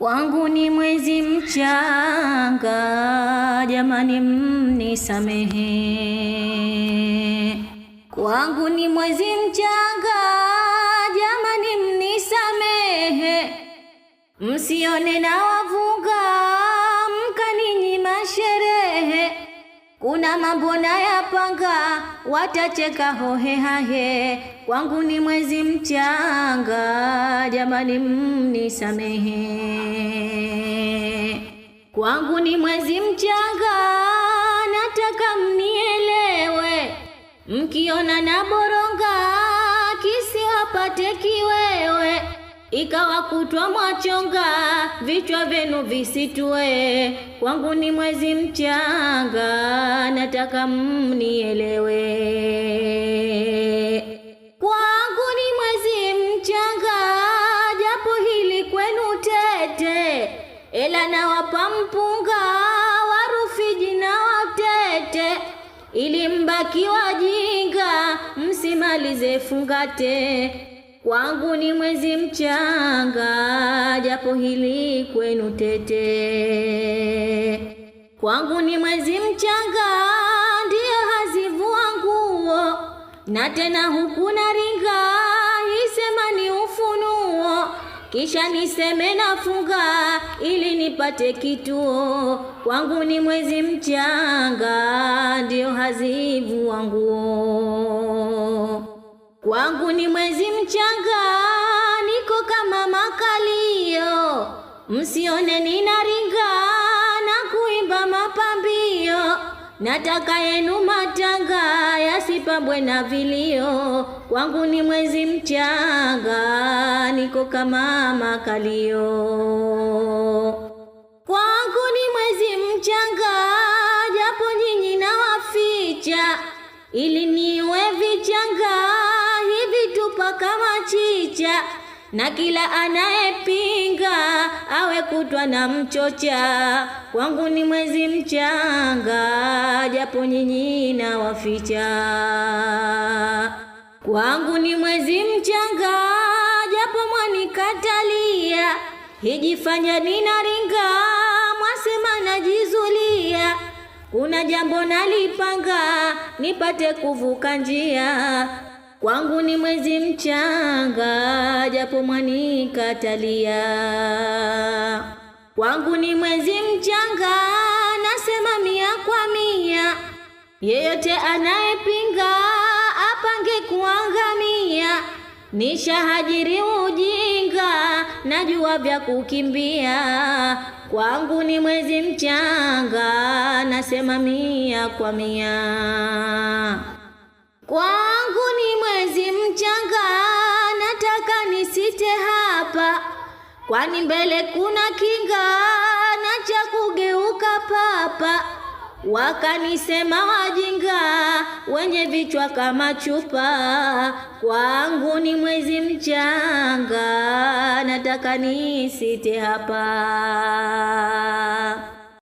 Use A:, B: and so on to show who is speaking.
A: Wangu ni mwezi mchanga, jamani mnisamehe. Wangu ni mwezi mchanga, jamani mnisamehe. Msione na wavunga, mkaninyima sherehe. Kuna mambo nayapanga, watacheka hohe hahe. Wangu ni mwezi mchanga, jamani mnisamehe wangu ni mwezi mchanga, nataka mnielewe. Mkiona na boronga kisiwapate kiwewe, ikawa kutwa mwachonga, vichwa vyenu visitue. Wangu ni mwezi mchanga, nataka mnielewe. Ela na wapampunga warufiji na watete, ili mbaki wajinga msimalize fungate. Kwangu ni mwezi mchanga, japo hili kwenu tete. Kwangu ni mwezi mchanga, ndiyo hazivua nguo na tena huku ringa kisha niseme nafunga ili nipate kituo. Kwangu ni mwezi mchanga, ndio hazibu wangu Kwangu ni mwezi mchanga, niko kama makalio, msione ninaringa Nataka yenu matanga yasipambwe na vilio, kwangu ni mwezi mchanga, niko kama makalio. Kwangu ni mwezi mchanga, japo nyinyi na waficha, ili niwe vichanga hivi tupa kama chicha, na kila anayepinga awe kutwa na mchocha, kwangu ni mwezi mchanga japo nyinyi na waficha. Kwangu ni mwezi mchanga, japo mwanikatalia, hijifanya ninaringa, mwasema najizulia. Kuna jambo nalipanga, nipate kuvuka njia. Kwangu ni mwezi mchanga, japo mwanikatalia. Kwangu ni mwezi mchanga Yeyote anayepinga apange kuangamia, nishahajiri ujinga, najua vya kukimbia. Kwangu ni mwezi mchanga, nasema mia kwa mia. Kwangu ni mwezi mchanga, nataka nisite hapa, kwani mbele kuna kinga, nacha kugeuka papa Wakanisema wajinga wenye vichwa kama chupa, kwangu ni mwezi mchanga, nataka nisite hapa.